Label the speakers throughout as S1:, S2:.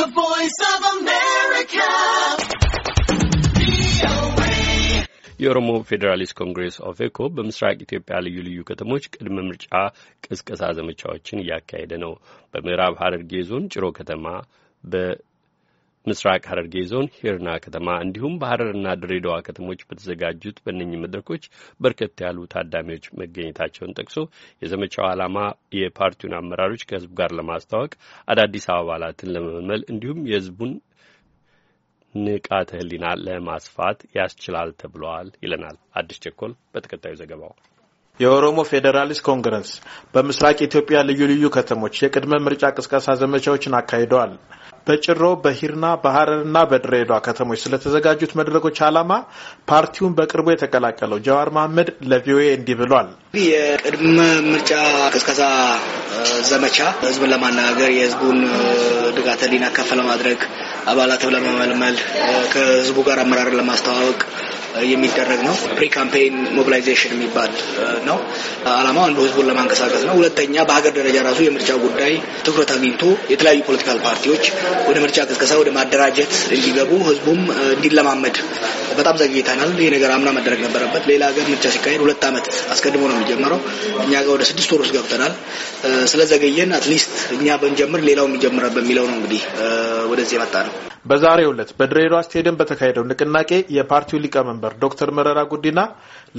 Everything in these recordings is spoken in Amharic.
S1: The Voice of America.
S2: የኦሮሞ ፌዴራሊስት ኮንግሬስ ኦፌኮ በምስራቅ ኢትዮጵያ ልዩ ልዩ ከተሞች ቅድመ ምርጫ ቅስቀሳ ዘመቻዎችን እያካሄደ ነው። በምዕራብ ሐረርጌ ዞን ጭሮ ከተማ ምስራቅ ሐረርጌ ዞን ሂርና ከተማ እንዲሁም በሀረርና ድሬዳዋ ከተሞች በተዘጋጁት በእነኚህ መድረኮች በርከት ያሉ ታዳሚዎች መገኘታቸውን ጠቅሶ የዘመቻው ዓላማ የፓርቲውን አመራሮች ከህዝቡ ጋር ለማስተዋወቅ አዳዲስ አባላትን ለመመልመል እንዲሁም የህዝቡን ንቃተ ህሊና ለማስፋት ያስችላል ተብለዋል ይለናል አዲስ ቸኮል በተከታዩ ዘገባው።
S1: የኦሮሞ ፌዴራሊስት ኮንግረስ በምስራቅ ኢትዮጵያ ልዩ ልዩ ከተሞች የቅድመ ምርጫ ቅስቀሳ ዘመቻዎችን አካሂደዋል። በጭሮ፣ በሂርና፣ በሀረርና በድሬዳዋ ከተሞች ስለተዘጋጁት መድረኮች ዓላማ ፓርቲውን በቅርቡ የተቀላቀለው ጀዋር መሀመድ ለቪኦኤ እንዲህ ብሏል።
S3: የቅድመ ምርጫ ቅስቀሳ ዘመቻ ህዝብን ለማነጋገር የህዝቡን ድጋተ ሊና ከፍ ለማድረግ አባላትን ለመመልመል ከህዝቡ ጋር አመራርን ለማስተዋወቅ የሚደረግ ነው። ፕሪ ካምፔን ሞቢላይዜሽን የሚባል uh, ነው። አላማው uh, አንዱ ህዝቡን ለማንቀሳቀስ ነው። ሁለተኛ በሀገር ደረጃ ራሱ የምርጫ ጉዳይ ትኩረት አግኝቶ የተለያዩ ፖለቲካል ፓርቲዎች ወደ ምርጫ ቅስቀሳ፣ ወደ ማደራጀት እንዲገቡ ህዝቡም uh, እንዲለማመድ በጣም ዘግይተናል። ይህ ነገር አምና መደረግ ነበረበት። ሌላ ሀገር ምርጫ ሲካሄድ ሁለት ዓመት አስቀድሞ ነው የሚጀምረው። እኛ ጋር ወደ ስድስት ወር ውስጥ ገብተናል። ስለዘገየን አትሊስት እኛ ብንጀምር ሌላው የሚጀምረ በሚለው ነው እንግዲህ ወደዚህ የመጣ ነው።
S1: በዛሬው ዕለት በድሬዳዋ ስቴዲየም በተካሄደው ንቅናቄ የፓርቲው ሊቀመንበር ዶክተር መረራ ጉዲና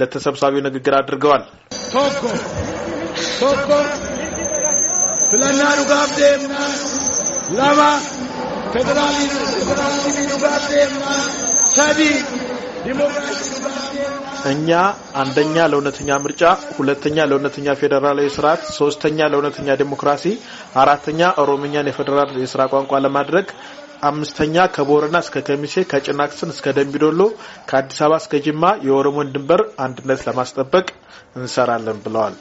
S1: ለተሰብሳቢው ንግግር አድርገዋል። እኛ አንደኛ ለእውነተኛ ምርጫ፣ ሁለተኛ ለእውነተኛ ፌዴራላዊ ስርዓት፣ ሶስተኛ ለእውነተኛ ዴሞክራሲ፣ አራተኛ ኦሮምኛን የፌዴራል የስራ ቋንቋ ለማድረግ አምስተኛ ከቦረና እስከ ከሚሴ ከጭናክስን እስከ ደንቢዶሎ ከአዲስ አበባ እስከ ጅማ የኦሮሞን ድንበር አንድነት ለማስጠበቅ እንሰራለን ብለዋል።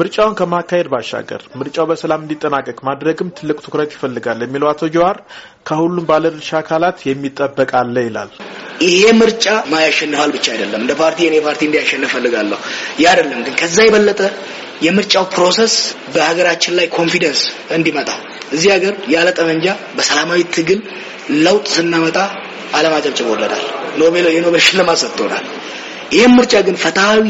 S1: ምርጫውን ከማካሄድ ባሻገር ምርጫው በሰላም እንዲጠናቀቅ ማድረግም ትልቅ ትኩረት ይፈልጋል የሚለው አቶ ጀዋር ከሁሉም ባለድርሻ አካላት የሚጠበቅ አለ ይላል።
S3: ይሄ ምርጫ ማያሸንፋል ብቻ አይደለም፣ እንደ ፓርቲ እኔ ፓርቲ እንዲያሸንፍ ፈልጋለሁ። ያ አይደለም ግን ከዛ የበለጠ የምርጫው ፕሮሰስ በሀገራችን ላይ ኮንፊደንስ እንዲመጣ እዚህ ሀገር ያለ ጠመንጃ በሰላማዊ ትግል ለውጥ ስናመጣ ዓለም ወለዳል፣ ኖቤል የኖቤል ሽልማት ሰጥቶናል። ይህም ምርጫ ግን ፍትሐዊ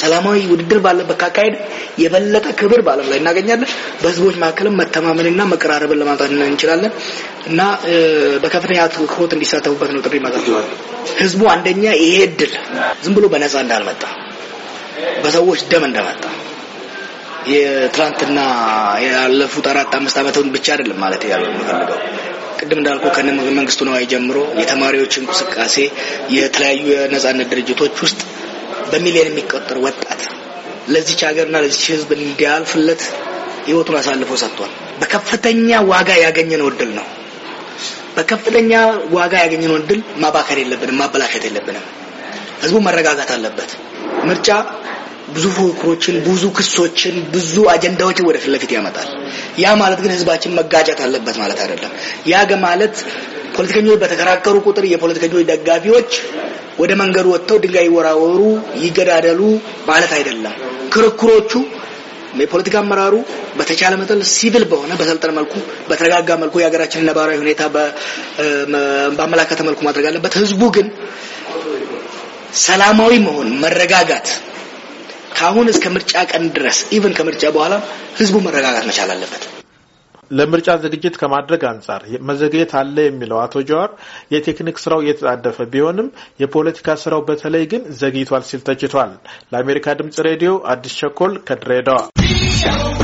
S3: ሰላማዊ ውድድር ባለበት ካካሄድ የበለጠ ክብር በዓለም ላይ እናገኛለን። በህዝቦች መካከልም መተማመንና መቀራረብን ለማምጣት እንችላለን እና በከፍተኛ ትኩረት እንዲሳተፉበት ነው ጥሪ ማቀርባለሁ። ህዝቡ አንደኛ ይሄ እድል ዝም ብሎ በነፃ እንዳልመጣ በሰዎች ደም እንደመጣ የትላንትና ያለፉት አራት አምስት ዓመትን ብቻ አይደለም ማለት ያለው የምፈልገው ቅድም እንዳልኩ ከነ መንግስቱ ነዋይ ጀምሮ የተማሪዎች እንቅስቃሴ የተለያዩ የነጻነት ድርጅቶች ውስጥ በሚሊዮን የሚቆጠር ወጣት ለዚች ሀገርና ለዚች ህዝብ እንዲያልፍለት ህይወቱን አሳልፎ ሰጥቷል። በከፍተኛ ዋጋ ያገኘነው እድል ነው። በከፍተኛ ዋጋ ያገኘነው እድል ማባከር የለብንም፣ ማበላሸት የለብንም። ህዝቡ መረጋጋት አለበት። ምርጫ ብዙ ፉክክሮችን፣ ብዙ ክሶችን፣ ብዙ አጀንዳዎችን ወደ ለፊት ያመጣል። ያ ማለት ግን ህዝባችን መጋጨት አለበት ማለት አይደለም። ያገ ማለት ፖለቲከኞች በተከራከሩ ቁጥር የፖለቲከኞች ደጋፊዎች ወደ መንገዱ ወጥተው ድንጋይ ይወራወሩ፣ ይገዳደሉ ማለት አይደለም። ክርክሮቹ የፖለቲካ አመራሩ በተቻለ መጠን ሲቪል በሆነ በሰልጠነ መልኩ በተረጋጋ መልኩ የሀገራችንን ነባራዊ ሁኔታ በአመላከተ መልኩ ማድረግ አለበት። ህዝቡ ግን ሰላማዊ መሆን መረጋጋት ከአሁን እስከ ምርጫ ቀን ድረስ ኢቭን ከምርጫ በኋላ ህዝቡ መረጋጋት መቻል አለበት።
S1: ለምርጫ ዝግጅት ከማድረግ አንጻር መዘግየት አለ የሚለው አቶ ጀዋር የቴክኒክ ስራው እየተጣደፈ ቢሆንም የፖለቲካ ስራው በተለይ ግን ዘግይቷል ሲል ተችቷል። ለአሜሪካ ድምጽ ሬዲዮ አዲስ ቸኮል ከድሬዳዋ